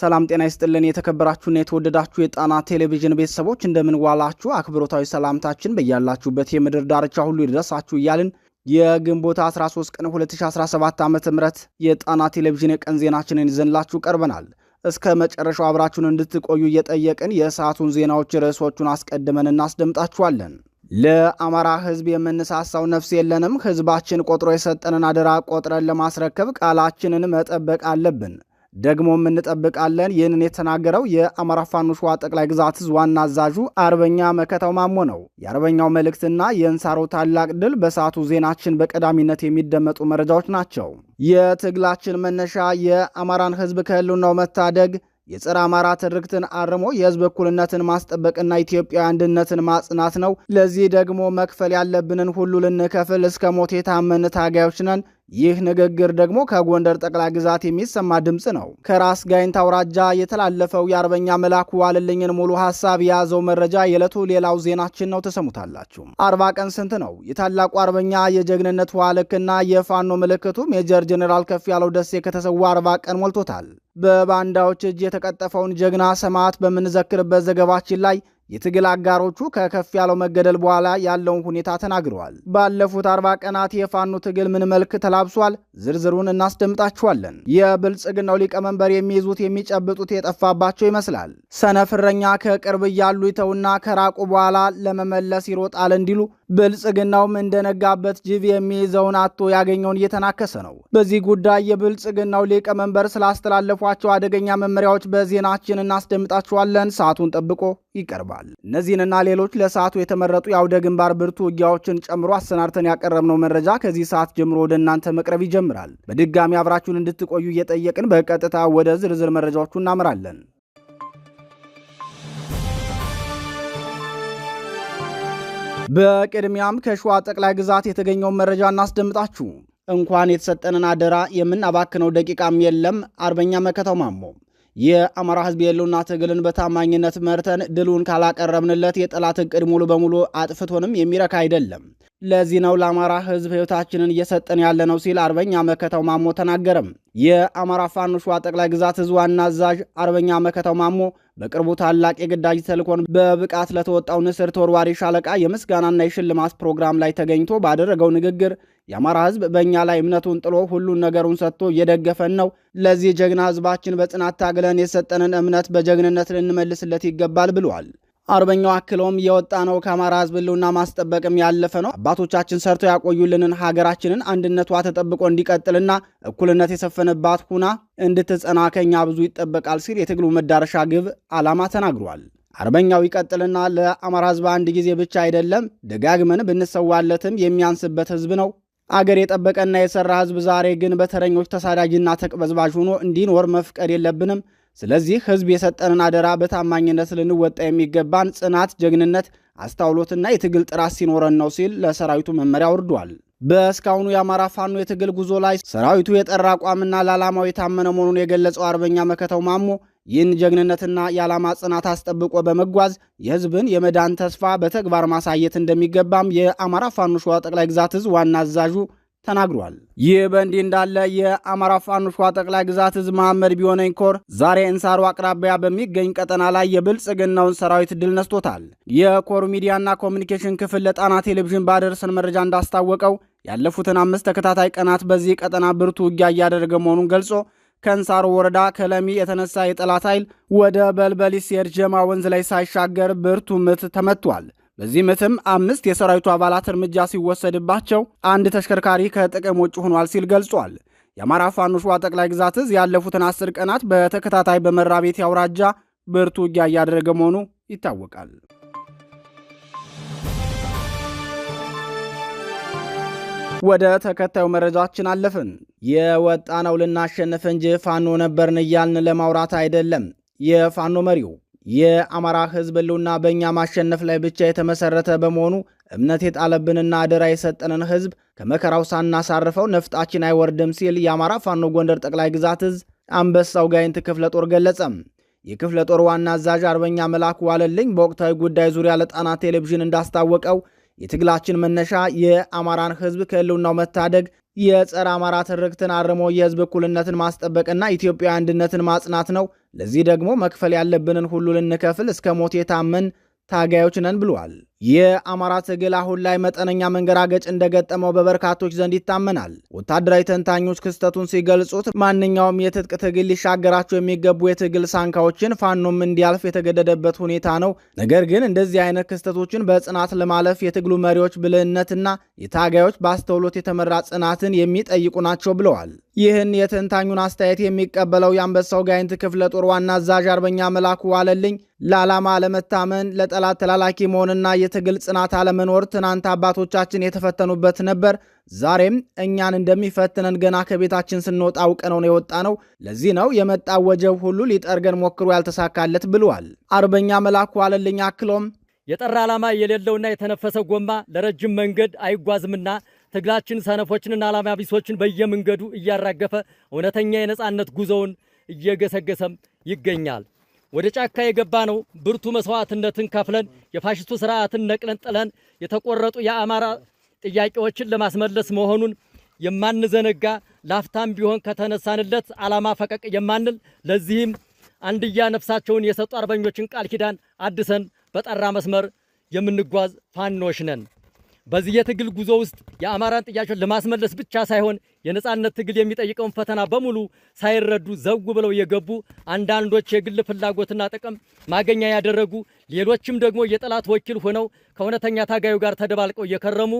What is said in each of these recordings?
ሰላም ጤና ይስጥልን። የተከበራችሁና የተወደዳችሁ የጣና ቴሌቪዥን ቤተሰቦች እንደምንዋላችሁ፣ አክብሮታዊ ሰላምታችን በያላችሁበት የምድር ዳርቻ ሁሉ ይድረሳችሁ እያልን የግንቦት 13 ቀን 2017 ዓ ም የጣና ቴሌቪዥን የቀን ዜናችንን ይዘንላችሁ ቀርበናል። እስከ መጨረሻው አብራችሁን እንድትቆዩ እየጠየቅን የሰዓቱን ዜናዎች ርዕሶቹን አስቀድመን እናስደምጣችኋለን። ለአማራ ሕዝብ የምንሳሳው ነፍስ የለንም። ሕዝባችን ቆጥሮ የሰጠንን አደራ ቆጥረን ለማስረከብ ቃላችንን መጠበቅ አለብን። ደግሞም እንጠብቃለን። ይህንን የተናገረው የአማራ ፋኖ ሸዋ ጠቅላይ ግዛት እዝ ዋና አዛዡ አርበኛ መከተው ማሞ ነው። የአርበኛው መልእክትና የእንሳሮ ታላቅ ድል በሰዓቱ ዜናችን በቀዳሚነት የሚደመጡ መረጃዎች ናቸው። የትግላችን መነሻ የአማራን ሕዝብ ከህልውናው መታደግ የጸረ አማራ ትርክትን አርሞ የህዝብ እኩልነትን ማስጠበቅና ኢትዮጵያ አንድነትን ማጽናት ነው። ለዚህ ደግሞ መክፈል ያለብንን ሁሉ ልንከፍል እስከ ሞት የታመን ታጋዮች ነን። ይህ ንግግር ደግሞ ከጎንደር ጠቅላይ ግዛት የሚሰማ ድምፅ ነው። ከራስ ጋይንት አውራጃ የተላለፈው የአርበኛ መላኩ ዋልልኝን ሙሉ ሀሳብ የያዘው መረጃ የዕለቱ ሌላው ዜናችን ነው። ተሰሙታላችሁ። አርባ ቀን ስንት ነው? የታላቁ አርበኛ የጀግንነት ውሃ የፋኖ ምልክቱ ሜጀር ጀኔራል ከፍ ያለው ደሴ ከተሰዋ አርባ ቀን ሞልቶታል። በባንዳዎች እጅ የተቀጠፈውን ጀግና ሰማዕት በምንዘክርበት ዘገባችን ላይ የትግል አጋሮቹ ከከፍ ያለው መገደል በኋላ ያለውን ሁኔታ ተናግረዋል። ባለፉት አርባ ቀናት የፋኖ ትግል ምን መልክ ተላብሷል? ዝርዝሩን እናስደምጣችኋለን። የብልጽግናው ሊቀመንበር የሚይዙት የሚጨብጡት የጠፋባቸው ይመስላል። ሰነፍረኛ ከቅርብ እያሉ ይተውና ከራቁ በኋላ ለመመለስ ይሮጣል እንዲሉ ብልጽግናውም እንደነጋበት ጅብ የሚይዘውን አቶ ያገኘውን እየተናከሰ ነው። በዚህ ጉዳይ የብልጽግናው ሊቀመንበር ስላስተላለፏቸው አደገኛ መመሪያዎች በዜናችን እናስደምጣችኋለን። ሰዓቱን ጠብቆ ይቀርባል። እነዚህንና ሌሎች ለሰዓቱ የተመረጡ የአውደ ግንባር ብርቱ ውጊያዎችን ጨምሮ አሰናድተን ያቀረብነው መረጃ ከዚህ ሰዓት ጀምሮ ወደ እናንተ መቅረብ ይጀምራል። በድጋሚ አብራችሁን እንድትቆዩ እየጠየቅን በቀጥታ ወደ ዝርዝር መረጃዎቹ እናምራለን። በቅድሚያም ከሸዋ ጠቅላይ ግዛት የተገኘውን መረጃ እናስደምጣችሁ። እንኳን የተሰጠንን አደራ የምናባክነው ደቂቃም የለም። አርበኛ መከተው ማሞ የአማራ ህዝብ የህልውና ትግልን በታማኝነት መርተን ድሉን ካላቀረብንለት የጠላት እቅድ ሙሉ በሙሉ አጥፍቶንም የሚረካ አይደለም። ለዚህ ነው ለአማራ ህዝብ ህይወታችንን እየሰጠን ያለ ነው ሲል አርበኛ መከተው ማሞ ተናገረም። የአማራ ፋኖ ሸዋ ጠቅላይ ግዛት እዝ ዋና አዛዥ አርበኛ መከተው ማሞ በቅርቡ ታላቅ የግዳጅ ተልኮን በብቃት ለተወጣው ንስር ተወርዋሪ ሻለቃ የምስጋናና የሽልማት ፕሮግራም ላይ ተገኝቶ ባደረገው ንግግር የአማራ ህዝብ በእኛ ላይ እምነቱን ጥሎ ሁሉን ነገሩን ሰጥቶ እየደገፈን ነው። ለዚህ ጀግና ህዝባችን በጽናት ታግለን የሰጠንን እምነት በጀግንነት ልንመልስለት ይገባል ብለዋል። አርበኛው አክለውም የወጣ ነው ከአማራ ህዝብ ህልውና ማስጠበቅም ያለፈ ነው። አባቶቻችን ሰርተው ያቆዩልንን ሀገራችንን አንድነቷ ተጠብቆ እንዲቀጥልና እኩልነት የሰፈነባት ሁና እንድትጸና ከኛ ብዙ ይጠበቃል ሲል የትግሉ መዳረሻ ግብ ዓላማ ተናግሯል። አርበኛው ይቀጥልና ለአማራ ህዝብ አንድ ጊዜ ብቻ አይደለም ደጋግመን ብንሰዋለትም የሚያንስበት ህዝብ ነው አገር የጠበቀና የሰራ ህዝብ ዛሬ ግን በተረኞች ተሳዳጅና ተቅበዝባዥ ሆኖ እንዲኖር መፍቀድ የለብንም። ስለዚህ ህዝብ የሰጠንን አደራ በታማኝነት ልንወጣ የሚገባን ጽናት፣ ጀግንነት፣ አስተውሎትና የትግል ጥራት ሲኖረን ነው ሲል ለሰራዊቱ መመሪያ ወርዷል። በእስካሁኑ የአማራ ፋኖ የትግል ጉዞ ላይ ሰራዊቱ የጠራ አቋምና ለዓላማው የታመነ መሆኑን የገለጸው አርበኛ መከተው ማሞ ይህን ጀግንነትና የዓላማ ጽናት አስጠብቆ በመጓዝ የህዝብን የመዳን ተስፋ በተግባር ማሳየት እንደሚገባም የአማራ ፋኖ ሸዋ ጠቅላይ ግዛት እዝ ዋና አዛዡ ተናግሯል። ይህ በእንዲህ እንዳለ የአማራ ፋኖ ሸዋ ጠቅላይ ግዛት እዝ መሐመድ ቢሆነኝ ኮር ዛሬ እንሳሩ አቅራቢያ በሚገኝ ቀጠና ላይ የብልጽግናውን ሰራዊት ድል ነስቶታል። የኮሩ ሚዲያና ኮሚኒኬሽን ክፍል ለጣና ቴሌቪዥን ባደረሰን መረጃ እንዳስታወቀው ያለፉትን አምስት ተከታታይ ቀናት በዚህ ቀጠና ብርቱ ውጊያ እያደረገ መሆኑን ገልጾ ከንሳሮ ወረዳ ከለሚ የተነሳ የጠላት ኃይል ወደ በልበሊስ የእርጀማ ወንዝ ላይ ሳይሻገር ብርቱ ምት ተመቷል። በዚህ ምትም አምስት የሰራዊቱ አባላት እርምጃ ሲወሰድባቸው አንድ ተሽከርካሪ ከጥቅም ውጭ ሆኗል ሲል ገልጿል። የአማራ ፋኖ ሸዋ ጠቅላይ ግዛት እዝ ያለፉትን አስር ቀናት በተከታታይ በመራቤቴ አውራጃ ብርቱ ውጊያ እያደረገ መሆኑ ይታወቃል። ወደ ተከታዩ መረጃችን አለፍን። የወጣ ነው ልናሸንፍ እንጂ ፋኖ ነበርን እያልን ለማውራት አይደለም። የፋኖ መሪው የአማራ ሕዝብ ህልውና በእኛ ማሸነፍ ላይ ብቻ የተመሰረተ በመሆኑ እምነት የጣለብንና አደራ የሰጠንን ሕዝብ ከመከራው ሳናሳርፈው ነፍጣችን አይወርድም ሲል የአማራ ፋኖ ጎንደር ጠቅላይ ግዛት እዝ አንበሳው ጋይንት ክፍለ ጦር ገለጸም። የክፍለ ጦር ዋና አዛዥ አርበኛ መላኩ ዋለልኝ በወቅታዊ ጉዳይ ዙሪያ ለጣና ቴሌቪዥን እንዳስታወቀው የትግላችን መነሻ የአማራን ህዝብ ከህልውናው መታደግ የጸረ አማራ ትርክትን አርሞ የህዝብ እኩልነትን ማስጠበቅና ኢትዮጵያ አንድነትን ማጽናት ነው። ለዚህ ደግሞ መክፈል ያለብንን ሁሉ ልንከፍል እስከ ሞት የታመን ታጋዮች ነን ብሏል። የአማራ ትግል አሁን ላይ መጠነኛ መንገራገጭ እንደገጠመው በበርካቶች ዘንድ ይታመናል። ወታደራዊ ተንታኞች ክስተቱን ሲገልጹት ማንኛውም የትጥቅ ትግል ሊሻገራቸው የሚገቡ የትግል ሳንካዎችን ፋኖም እንዲያልፍ የተገደደበት ሁኔታ ነው። ነገር ግን እንደዚህ አይነት ክስተቶችን በጽናት ለማለፍ የትግሉ መሪዎች ብልህነትና የታጋዮች በአስተውሎት የተመራ ጽናትን የሚጠይቁ ናቸው ብለዋል። ይህን የተንታኙን አስተያየት የሚቀበለው የአንበሳው ጋይንት ክፍለ ጦር ዋና አዛዥ አርበኛ መላኩ ዋለልኝ ለዓላማ ለመታመን ለጠላት ተላላኪ መሆንና የትግል ጽናት አለመኖር ትናንት አባቶቻችን የተፈተኑበት ነበር። ዛሬም እኛን እንደሚፈትነን ገና ከቤታችን ስንወጣ አውቀነው ነው የወጣ ነው። ለዚህ ነው የመጣ ወጀብ ሁሉ ሊጠርገን ሞክሮ ያልተሳካለት ብለዋል። አርበኛ መላኩ አለልኝ አክሎም የጠራ ዓላማ የሌለውና የተነፈሰ ጎማ ለረጅም መንገድ አይጓዝምና ትግላችን ሰነፎችንና ዓላማ ቢሶችን በየመንገዱ እያራገፈ እውነተኛ የነፃነት ጉዞውን እየገሰገሰም ይገኛል። ወደ ጫካ የገባ ነው ብርቱ መስዋዕትነትን ከፍለን የፋሽስቱ ስርዓትን ነቅለን ጥለን የተቆረጡ የአማራ ጥያቄዎችን ለማስመለስ መሆኑን የማንዘነጋ ላፍታም ቢሆን ከተነሳንለት አላማ ፈቀቅ የማንል ለዚህም አንድያ ነፍሳቸውን የሰጡ አርበኞችን ቃል ኪዳን አድሰን በጠራ መስመር የምንጓዝ ፋኖች ነን። በዚህ የትግል ጉዞ ውስጥ የአማራን ጥያቄ ለማስመለስ ብቻ ሳይሆን የነጻነት ትግል የሚጠይቀውን ፈተና በሙሉ ሳይረዱ ዘው ብለው የገቡ አንዳንዶች የግል ፍላጎትና ጥቅም ማገኛ ያደረጉ፣ ሌሎችም ደግሞ የጠላት ወኪል ሆነው ከእውነተኛ ታጋዩ ጋር ተደባልቀው የከረሙ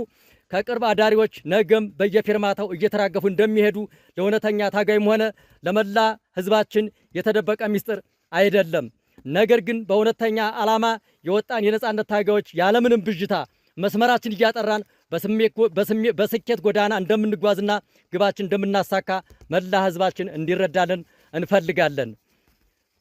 ከቅርብ አዳሪዎች ነገም በየፊርማታው እየተራገፉ እንደሚሄዱ ለእውነተኛ ታጋይ ሆነ ለመላ ሕዝባችን የተደበቀ ሚስጥር አይደለም። ነገር ግን በእውነተኛ ዓላማ የወጣን የነጻነት ታጋዮች ያለምንም ብዥታ መስመራችን እያጠራን በስኬት ጎዳና እንደምንጓዝና ግባችን እንደምናሳካ መላ ህዝባችን እንዲረዳልን እንፈልጋለን።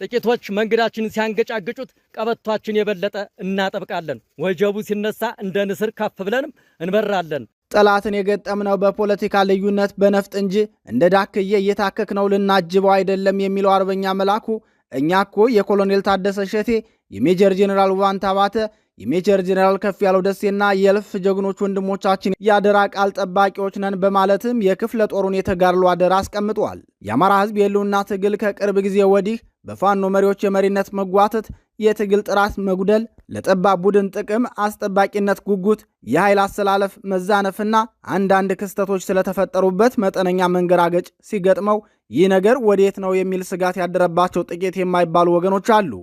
ጥቂቶች መንገዳችንን ሲያንገጫግጩት ቀበቷችን የበለጠ እናጠብቃለን። ወጀቡ ሲነሳ እንደ ንስር ከፍ ብለንም እንበራለን። ጠላትን የገጠምነው በፖለቲካ ልዩነት በነፍጥ እንጂ እንደ ዳክዬ እየታከክ ነው ልናጅበው አይደለም የሚለው አርበኛ መላኩ እኛ እኮ የኮሎኔል ታደሰ ሸቴ የሜጀር ጄኔራል ዋንታ ባተ የሜጀር ጀኔራል ከፍ ያለው ደሴና የእልፍ ጀግኖች ወንድሞቻችን የአደራ ቃል ጠባቂዎች ነን በማለትም የክፍለ ጦሩን የተጋድሎ አደራ አስቀምጧል። የአማራ ሕዝብ የህልውና ትግል ከቅርብ ጊዜ ወዲህ በፋኖ መሪዎች የመሪነት መጓተት፣ የትግል ጥራት መጉደል፣ ለጠባብ ቡድን ጥቅም አስጠባቂነት ጉጉት፣ የኃይል አሰላለፍ መዛነፍና አንዳንድ ክስተቶች ስለተፈጠሩበት መጠነኛ መንገራገጭ ሲገጥመው ይህ ነገር ወዴት ነው የሚል ስጋት ያደረባቸው ጥቂት የማይባሉ ወገኖች አሉ።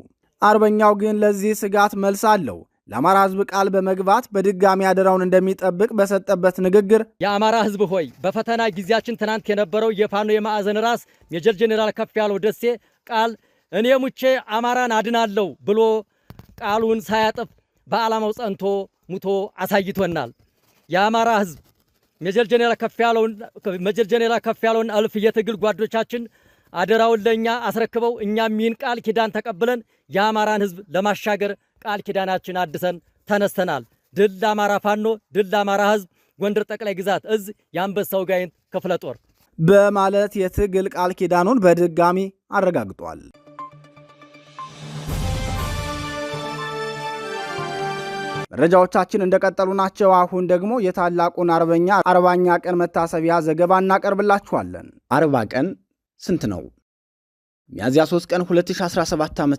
አርበኛው ግን ለዚህ ስጋት መልስ አለው። ለአማራ ህዝብ ቃል በመግባት በድጋሚ አደራውን እንደሚጠብቅ በሰጠበት ንግግር የአማራ ህዝብ ሆይ በፈተና ጊዜያችን ትናንት የነበረው የፋኖ የማዕዘን ራስ ሜጀር ጄኔራል ያለው ደሴ ቃል እኔ ሙቼ አማራን አድናለሁ ብሎ ቃሉን ሳያጥፍ በዓላማው ጸንቶ ሙቶ አሳይቶናል። የአማራ ህዝብ ሜጀር ጄኔራል ያለውን እልፍ የትግል ጓዶቻችን አደራውን ለእኛ አስረክበው እኛም ይህን ቃል ኪዳን ተቀብለን የአማራን ህዝብ ለማሻገር ቃል ኪዳናችን አድሰን ተነስተናል። ድል ለአማራ ፋኖ፣ ድል ለአማራ ህዝብ፣ ጎንደር ጠቅላይ ግዛት እዝ የአንበሳው ጋይንት ክፍለ ጦር በማለት የትግል ቃል ኪዳኑን በድጋሚ አረጋግጧል። መረጃዎቻችን እንደቀጠሉ ናቸው። አሁን ደግሞ የታላቁን አርበኛ አርባኛ ቀን መታሰቢያ ዘገባ እናቀርብላችኋለን። አርባ ቀን ስንት ነው? ሚያዝያ 3 ቀን 2017 ዓ ም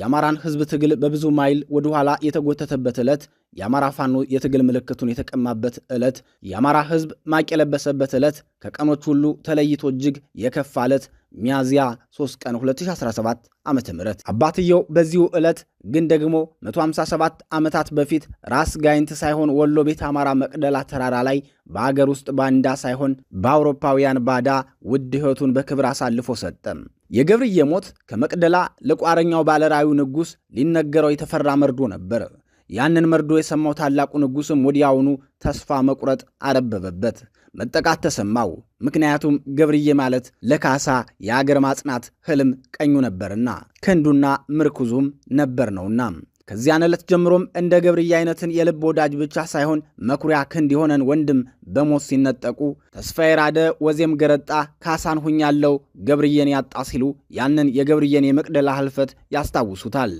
የአማራን ህዝብ ትግል በብዙ ማይል ወደኋላ የተጎተተበት ዕለት የአማራ ፋኖ የትግል ምልክቱን የተቀማበት ዕለት፣ የአማራ ሕዝብ ማቅ የለበሰበት ዕለት፣ ከቀኖች ሁሉ ተለይቶ እጅግ የከፋ ዕለት ሚያዝያ 3 ቀን 2017 ዓ ም አባትየው በዚሁ ዕለት ግን ደግሞ 157 ዓመታት በፊት ራስ ጋይንት ሳይሆን ወሎ ቤት አማራ መቅደላ ተራራ ላይ በአገር ውስጥ ባንዳ ሳይሆን በአውሮፓውያን ባዳ ውድ ሕይወቱን በክብር አሳልፎ ሰጠም። የገብርዬ ሞት ከመቅደላ ለቋረኛው ባለራዩ ንጉሥ ሊነገረው የተፈራ መርዶ ነበር። ያንን መርዶ የሰማው ታላቁ ንጉሥም ወዲያውኑ ተስፋ መቁረጥ አረበበበት። መጠቃት ተሰማው። ምክንያቱም ገብርዬ ማለት ለካሳ የአገር ማጽናት ህልም ቀኙ ነበርና ክንዱና ምርኩዙም ነበር ነውና። ከዚያን ዕለት ጀምሮም እንደ ገብርዬ አይነትን የልብ ወዳጅ ብቻ ሳይሆን መኩሪያ ክንድ የሆነን ወንድም በሞት ሲነጠቁ ተስፋ የራደ ወዜም ገረጣ ካሳን ሁኛለው ገብርዬን ያጣ ሲሉ ያንን የገብርዬን የመቅደላ ህልፈት ያስታውሱታል።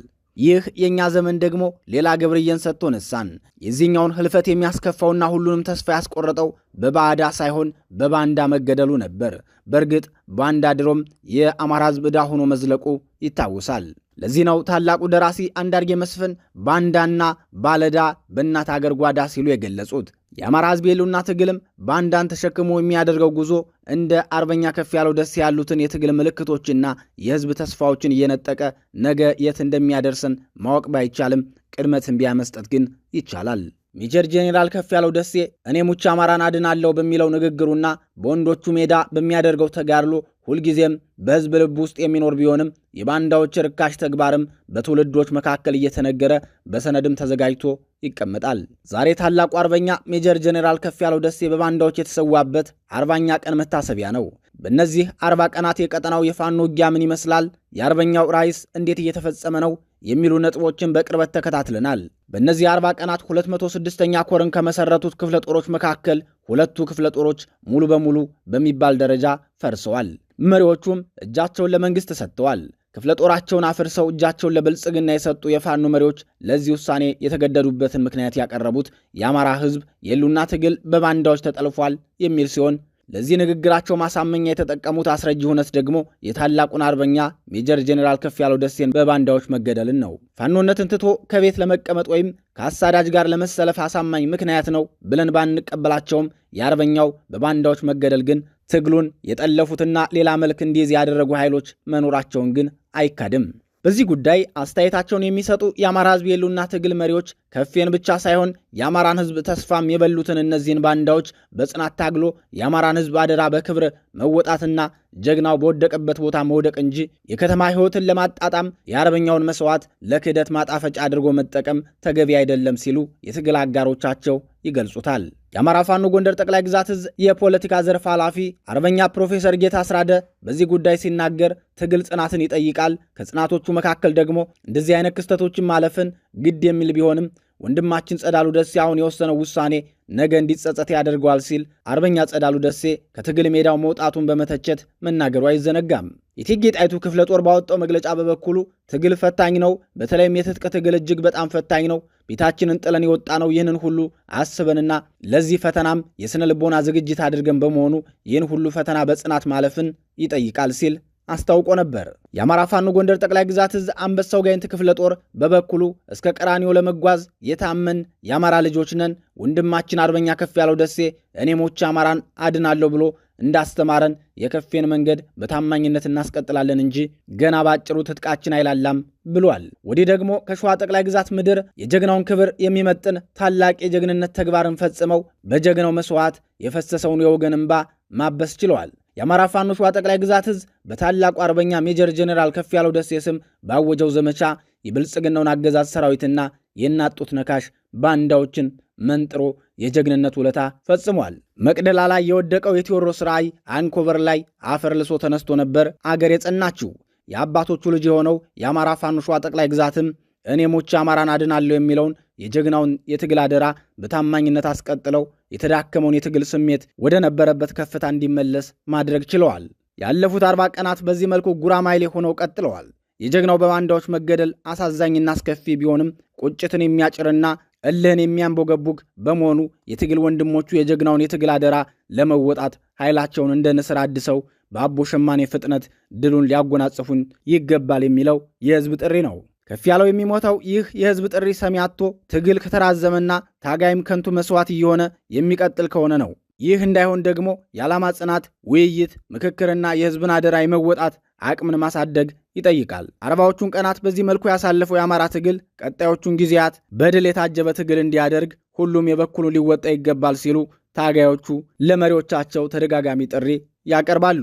ይህ የእኛ ዘመን ደግሞ ሌላ ግብርየን ሰጥቶ ነሳን። የዚህኛውን ህልፈት የሚያስከፋውና ሁሉንም ተስፋ ያስቆረጠው በባዕዳ ሳይሆን በባንዳ መገደሉ ነበር። በእርግጥ ባንዳ ድሮም የአማራ ህዝብ ዕዳ ሆኖ መዝለቁ ይታወሳል። ለዚህ ነው ታላቁ ደራሲ አንዳርጌ መስፍን ባንዳና ባለዳ በእናት አገር ጓዳ ሲሉ የገለጹት። የአማራ ህዝብ የሉና ትግልም ባንዳን ተሸክሞ የሚያደርገው ጉዞ እንደ አርበኛ ከፍ ያለው ደሴ ያሉትን የትግል ምልክቶችና የህዝብ ተስፋዎችን እየነጠቀ ነገ የት እንደሚያደርስን ማወቅ ባይቻልም ቅድመ ትንቢያ መስጠት ግን ይቻላል። ሜጀር ጄኔራል ከፍ ያለው ደሴ እኔ ሙቻ አማራን አድናለሁ በሚለው ንግግሩና በወንዶቹ ሜዳ በሚያደርገው ተጋድሎ ሁልጊዜም በሕዝብ ልብ ውስጥ የሚኖር ቢሆንም የባንዳዎች ርካሽ ተግባርም በትውልዶች መካከል እየተነገረ በሰነድም ተዘጋጅቶ ይቀመጣል። ዛሬ ታላቁ አርበኛ ሜጀር ጄኔራል ያለው ደሴ በባንዳዎች የተሰዋበት አርባኛ ቀን መታሰቢያ ነው። በእነዚህ አርባ ቀናት የቀጠናው የፋኖ ውጊያ ምን ይመስላል፣ የአርበኛው ራይስ እንዴት እየተፈጸመ ነው የሚሉ ነጥቦችን በቅርበት ተከታትለናል። በእነዚህ አርባ ቀናት 206ኛ ኮርን ከመሰረቱት ክፍለ ጦሮች መካከል ሁለቱ ክፍለ ጦሮች ሙሉ በሙሉ በሚባል ደረጃ ፈርሰዋል። መሪዎቹም እጃቸውን ለመንግስት ሰጥተዋል። ክፍለ ጦራቸውን አፍርሰው እጃቸውን ለብልጽግና የሰጡ የፋኖ መሪዎች ለዚህ ውሳኔ የተገደዱበትን ምክንያት ያቀረቡት የአማራ ህዝብ የሉና ትግል በባንዳዎች ተጠልፏል የሚል ሲሆን ለዚህ ንግግራቸው ማሳመኛ የተጠቀሙት አስረጅ ሁነት ደግሞ የታላቁን አርበኛ ሜጀር ጄኔራል ያለው ደሴን በባንዳዎች መገደልን ነው። ፋኖነትን ትቶ ከቤት ለመቀመጥ ወይም ከአሳዳጅ ጋር ለመሰለፍ አሳማኝ ምክንያት ነው ብለን ባንቀበላቸውም የአርበኛው በባንዳዎች መገደል ግን ትግሉን የጠለፉትና ሌላ መልክ እንዲይዝ ያደረጉ ኃይሎች መኖራቸውን ግን አይካድም። በዚህ ጉዳይ አስተያየታቸውን የሚሰጡ የአማራ ህዝብ የሉና ትግል መሪዎች ከፌን ብቻ ሳይሆን የአማራን ህዝብ ተስፋም የበሉትን እነዚህን ባንዳዎች በጽናት ታግሎ የአማራን ህዝብ አደራ በክብር መወጣትና ጀግናው በወደቀበት ቦታ መውደቅ እንጂ የከተማ ሕይወትን ለማጣጣም የአርበኛውን መስዋዕት ለክህደት ማጣፈጫ አድርጎ መጠቀም ተገቢ አይደለም ሲሉ የትግል አጋሮቻቸው ይገልጹታል። የአማራ ፋኖ ጎንደር ጠቅላይ ግዛት እዝ የፖለቲካ ዘርፍ ኃላፊ አርበኛ ፕሮፌሰር ጌታ አስራደ በዚህ ጉዳይ ሲናገር ትግል ጽናትን ይጠይቃል፣ ከጽናቶቹ መካከል ደግሞ እንደዚህ አይነት ክስተቶችን ማለፍን ግድ የሚል ቢሆንም ወንድማችን ጸዳሉ ደሴ አሁን የወሰነው ውሳኔ ነገ እንዲጸጸት ያደርገዋል ሲል አርበኛ ጸዳሉ ደሴ ከትግል ሜዳው መውጣቱን በመተቸት መናገሩ አይዘነጋም። የእቴጌ ጣይቱ ክፍለ ጦር ባወጣው መግለጫ በበኩሉ ትግል ፈታኝ ነው፣ በተለይም የትጥቅ ትግል እጅግ በጣም ፈታኝ ነው። ቤታችንን ጥለን የወጣ ነው። ይህንን ሁሉ አስበንና ለዚህ ፈተናም የስነ ልቦና ዝግጅት አድርገን በመሆኑ ይህን ሁሉ ፈተና በጽናት ማለፍን ይጠይቃል ሲል አስታውቆ ነበር። የአማራ ፋኖ ጎንደር ጠቅላይ ግዛት እዝ አንበሳው ጋይንት ክፍለ ጦር በበኩሉ እስከ ቀራኒዮ ለመጓዝ የታመን የአማራ ልጆች ነን፣ ወንድማችን አርበኛ ከፍ ያለው ደሴ እኔ ሞቼ አማራን አድናለሁ ብሎ እንዳስተማረን የከፌን መንገድ በታማኝነት እናስቀጥላለን እንጂ ገና ባጭሩ ትጥቃችን አይላላም ብሏል። ወዲህ ደግሞ ከሸዋ ጠቅላይ ግዛት ምድር የጀግናውን ክብር የሚመጥን ታላቅ የጀግንነት ተግባርን ፈጽመው በጀግናው መስዋዕት የፈሰሰውን የወገን እንባ ማበስ ችለዋል። የአማራ ፋኖ ሸዋ ጠቅላይ ግዛት እዝ በታላቁ አርበኛ ሜጀር ጀኔራል ከፍ ያለው ደሴ ስም ባወጀው ዘመቻ የብልጽግናውን አገዛዝ ሰራዊትና የናጡት ነካሽ ባንዳዎችን መንጥሮ የጀግንነት ውለታ ፈጽሟል። መቅደላ ላይ የወደቀው የቴዎድሮስ ራዕይ አንኮቨር ላይ አፈር ልሶ ተነስቶ ነበር አገር የጸናችው። የአባቶቹ ልጅ የሆነው የአማራ ፋኖ ሸዋ ጠቅላይ ግዛትም እኔ ሞቼ አማራን አድናለሁ የሚለውን የጀግናውን የትግል አደራ በታማኝነት አስቀጥለው የተዳከመውን የትግል ስሜት ወደ ነበረበት ከፍታ እንዲመለስ ማድረግ ችለዋል። ያለፉት አርባ ቀናት በዚህ መልኩ ጉራማይሌ ሆነው ቀጥለዋል። የጀግናው በባንዳዎች መገደል አሳዛኝና አስከፊ ቢሆንም ቁጭትን የሚያጭርና እልህን የሚያንቦገቡግ በመሆኑ የትግል ወንድሞቹ የጀግናውን የትግል አደራ ለመወጣት ኃይላቸውን እንደ ንስር አድሰው በአቦ ሸማኔ ፍጥነት ድሉን ሊያጎናጽፉን ይገባል የሚለው የህዝብ ጥሪ ነው። ከፍ ያለው የሚሞተው ይህ የህዝብ ጥሪ ሰሚ አጥቶ ትግል ከተራዘመና ታጋይም ከንቱ መስዋዕት እየሆነ የሚቀጥል ከሆነ ነው። ይህ እንዳይሆን ደግሞ የዓላማ ጽናት፣ ውይይት፣ ምክክርና የህዝብን አደራ የመወጣት አቅምን ማሳደግ ይጠይቃል። አርባዎቹን ቀናት በዚህ መልኩ ያሳለፈው የአማራ ትግል ቀጣዮቹን ጊዜያት በድል የታጀበ ትግል እንዲያደርግ ሁሉም የበኩሉን ሊወጣ ይገባል ሲሉ ታጋዮቹ ለመሪዎቻቸው ተደጋጋሚ ጥሪ ያቀርባሉ።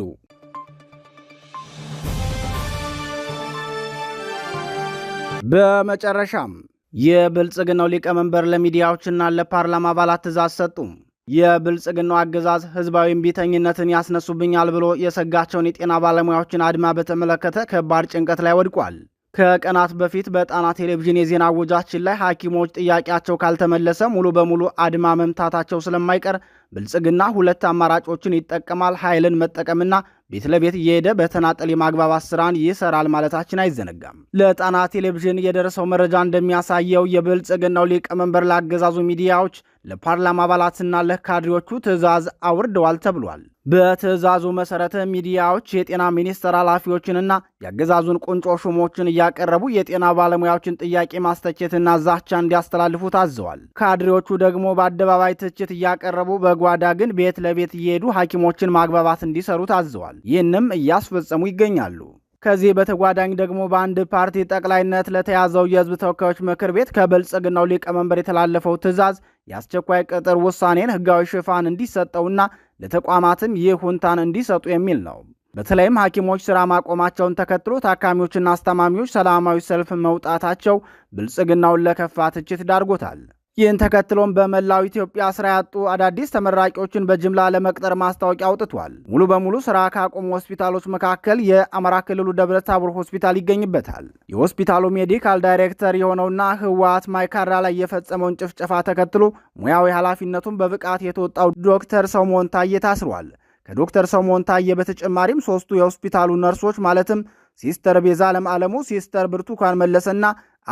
በመጨረሻም የብልጽግናው ሊቀመንበር ለሚዲያዎችና ለፓርላማ አባላት ትእዛዝ ሰጡ። የብልጽግናው አገዛዝ ህዝባዊ እምቢተኝነትን ያስነሱብኛል ብሎ የሰጋቸውን የጤና ባለሙያዎችን አድማ በተመለከተ ከባድ ጭንቀት ላይ ወድቋል። ከቀናት በፊት በጣና ቴሌቪዥን የዜና ወጃችን ላይ ሐኪሞች ጥያቄያቸው ካልተመለሰ ሙሉ በሙሉ አድማ መምታታቸው ስለማይቀር ብልጽግና ሁለት አማራጮችን ይጠቀማል፣ ኃይልን መጠቀምና ቤት ለቤት እየሄደ በተናጠል የማግባባት ስራን ይሰራል ማለታችን አይዘነጋም። ለጣና ቴሌቪዥን የደረሰው መረጃ እንደሚያሳየው የብልጽግናው ሊቀመንበር ለአገዛዙ ሚዲያዎች ለፓርላማ አባላትና ለካድሬዎቹ ትዕዛዝ አውርደዋል ተብሏል። በትዕዛዙ መሰረተ ሚዲያዎች የጤና ሚኒስቴር ኃላፊዎችንና የአገዛዙን ቁንጮ ሹሞችን እያቀረቡ የጤና ባለሙያዎችን ጥያቄ ማስተቸትና ዛቻ እንዲያስተላልፉ ታዘዋል። ካድሬዎቹ ደግሞ በአደባባይ ትችት እያቀረቡ በጓዳ ግን ቤት ለቤት እየሄዱ ሐኪሞችን ማግባባት እንዲሰሩ ታዘዋል። ይህንም እያስፈጸሙ ይገኛሉ። ከዚህ በተጓዳኝ ደግሞ በአንድ ፓርቲ ጠቅላይነት ለተያዘው የህዝብ ተወካዮች ምክር ቤት ከብልጽግናው ሊቀመንበር የተላለፈው ትዕዛዝ የአስቸኳይ ቅጥር ውሳኔን ህጋዊ ሽፋን እንዲሰጠውና ለተቋማትም ይህ ሁንታን እንዲሰጡ የሚል ነው። በተለይም ሐኪሞች ሥራ ማቆማቸውን ተከትሎ ታካሚዎችና አስታማሚዎች ሰላማዊ ሰልፍ መውጣታቸው ብልጽግናውን ለከፋ ትችት ዳርጎታል። ይህን ተከትሎም በመላው ኢትዮጵያ ስራ ያጡ አዳዲስ ተመራቂዎችን በጅምላ ለመቅጠር ማስታወቂያ አውጥቷል። ሙሉ በሙሉ ስራ ካቆሙ ሆስፒታሎች መካከል የአማራ ክልሉ ደብረ ታቦር ሆስፒታል ይገኝበታል። የሆስፒታሉ ሜዲካል ዳይሬክተር የሆነውና ህወሓት ማይካራ ላይ የፈጸመውን ጭፍጨፋ ተከትሎ ሙያዊ ኃላፊነቱን በብቃት የተወጣው ዶክተር ሰሞን ታዬ ታስሯል። ከዶክተር ሰሞን ታዬ በተጨማሪም ሶስቱ የሆስፒታሉ ነርሶች ማለትም ሲስተር ቤዛ ዓለም ዓለሙ፣ ሲስተር ብርቱካን መለሰና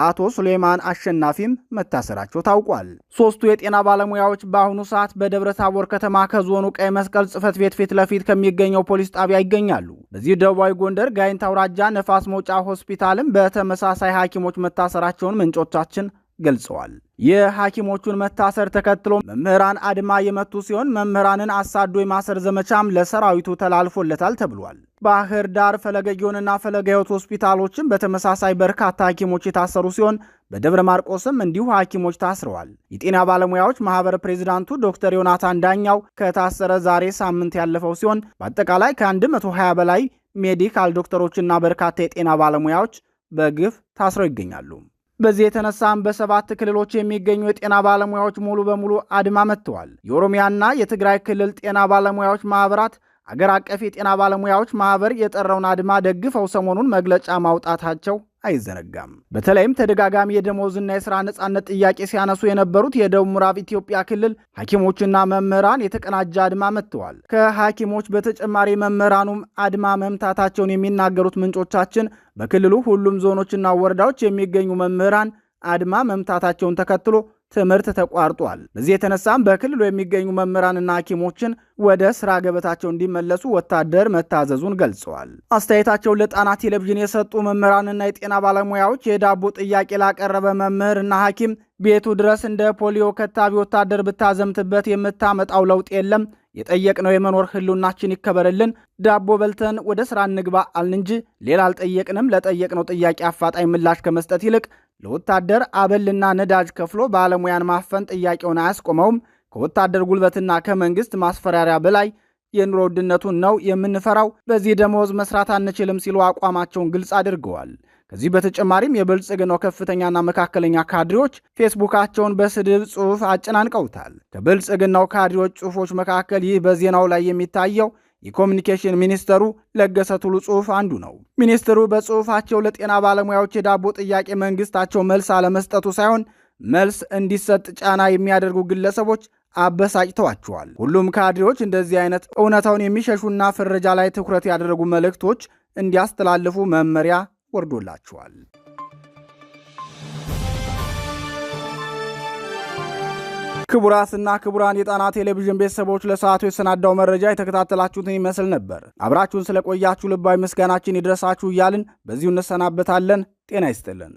አቶ ሱሌማን አሸናፊም መታሰራቸው ታውቋል። ሶስቱ የጤና ባለሙያዎች በአሁኑ ሰዓት በደብረ ታቦር ከተማ ከዞኑ ቀይ መስቀል ጽሕፈት ቤት ፊት ለፊት ከሚገኘው ፖሊስ ጣቢያ ይገኛሉ። በዚህ ደቡባዊ ጎንደር ጋይንት አውራጃ ነፋስ መውጫ ሆስፒታልም በተመሳሳይ ሐኪሞች መታሰራቸውን ምንጮቻችን ገልጸዋል። የሐኪሞቹን መታሰር ተከትሎ መምህራን አድማ የመቱ ሲሆን መምህራንን አሳዶ የማሰር ዘመቻም ለሰራዊቱ ተላልፎለታል ተብሏል። ባህር ዳር ፈለገ ጊዮንና ፈለገ ሕይወት ሆስፒታሎችም በተመሳሳይ በርካታ ሐኪሞች የታሰሩ ሲሆን በደብረ ማርቆስም እንዲሁ ሐኪሞች ታስረዋል። የጤና ባለሙያዎች ማህበር ፕሬዚዳንቱ ዶክተር ዮናታን ዳኛው ከታሰረ ዛሬ ሳምንት ያለፈው ሲሆን በአጠቃላይ ከ120 በላይ ሜዲካል ዶክተሮችና በርካታ የጤና ባለሙያዎች በግፍ ታስረው ይገኛሉ። በዚህ የተነሳም በሰባት ክልሎች የሚገኙ የጤና ባለሙያዎች ሙሉ በሙሉ አድማ መጥተዋል። የኦሮሚያና የትግራይ ክልል ጤና ባለሙያዎች ማኅበራት አገር አቀፍ የጤና ባለሙያዎች ማኅበር የጠራውን አድማ ደግፈው ሰሞኑን መግለጫ ማውጣታቸው አይዘነጋም። በተለይም ተደጋጋሚ የደሞዝና የስራ ነጻነት ጥያቄ ሲያነሱ የነበሩት የደቡብ ምዕራብ ኢትዮጵያ ክልል ሐኪሞችና መምህራን የተቀናጀ አድማ መጥተዋል። ከሐኪሞች በተጨማሪ መምህራኑም አድማ መምታታቸውን የሚናገሩት ምንጮቻችን በክልሉ ሁሉም ዞኖችና ወረዳዎች የሚገኙ መምህራን አድማ መምታታቸውን ተከትሎ ትምህርት ተቋርጧል። በዚህ የተነሳም በክልሉ የሚገኙ መምህራንና ሐኪሞችን ወደ ስራ ገበታቸው እንዲመለሱ ወታደር መታዘዙን ገልጸዋል። አስተያየታቸውን ለጣና ቴሌቪዥን የሰጡ መምህራንና የጤና ባለሙያዎች የዳቦ ጥያቄ ላቀረበ መምህርና ሐኪም ቤቱ ድረስ እንደ ፖሊዮ ከታቢ ወታደር ብታዘምትበት የምታመጣው ለውጥ የለም የጠየቅነው የመኖር ህልውናችን ይከበርልን፣ ዳቦ በልተን ወደ ስራ እንግባ አልን እንጂ ሌላ አልጠየቅንም። ለጠየቅነው ጥያቄ አፋጣኝ ምላሽ ከመስጠት ይልቅ ለወታደር አበልና ነዳጅ ከፍሎ ባለሙያን ማፈን ጥያቄውን አያስቆመውም። ከወታደር ጉልበትና ከመንግስት ማስፈራሪያ በላይ የኑሮ ውድነቱን ነው የምንፈራው። በዚህ ደመወዝ መስራት አንችልም ሲሉ አቋማቸውን ግልጽ አድርገዋል። ከዚህ በተጨማሪም የብልጽግናው ከፍተኛና መካከለኛ ካድሬዎች ፌስቡካቸውን በስድብ ጽሑፍ አጨናንቀውታል። ከብልጽግናው ካድሬዎች ጽሑፎች መካከል ይህ በዜናው ላይ የሚታየው የኮሚኒኬሽን ሚኒስተሩ ለገሰ ቱሉ ጽሑፍ አንዱ ነው። ሚኒስትሩ በጽሑፋቸው ለጤና ባለሙያዎች የዳቦ ጥያቄ መንግስታቸው መልስ አለመስጠቱ ሳይሆን መልስ እንዲሰጥ ጫና የሚያደርጉ ግለሰቦች አበሳጭተዋቸዋል። ሁሉም ካድሬዎች እንደዚህ አይነት እውነታውን የሚሸሹና ፍረጃ ላይ ትኩረት ያደረጉ መልእክቶች እንዲያስተላልፉ መመሪያ ወርዶላቸዋል። ክቡራትና ክቡራን የጣና ቴሌቪዥን ቤተሰቦች ለሰዓቱ የሰናዳው መረጃ የተከታተላችሁትን ይመስል ነበር። አብራችሁን ስለቆያችሁ ልባዊ ምስጋናችን ይድረሳችሁ እያልን በዚሁ እንሰናበታለን። ጤና ይስጥልን።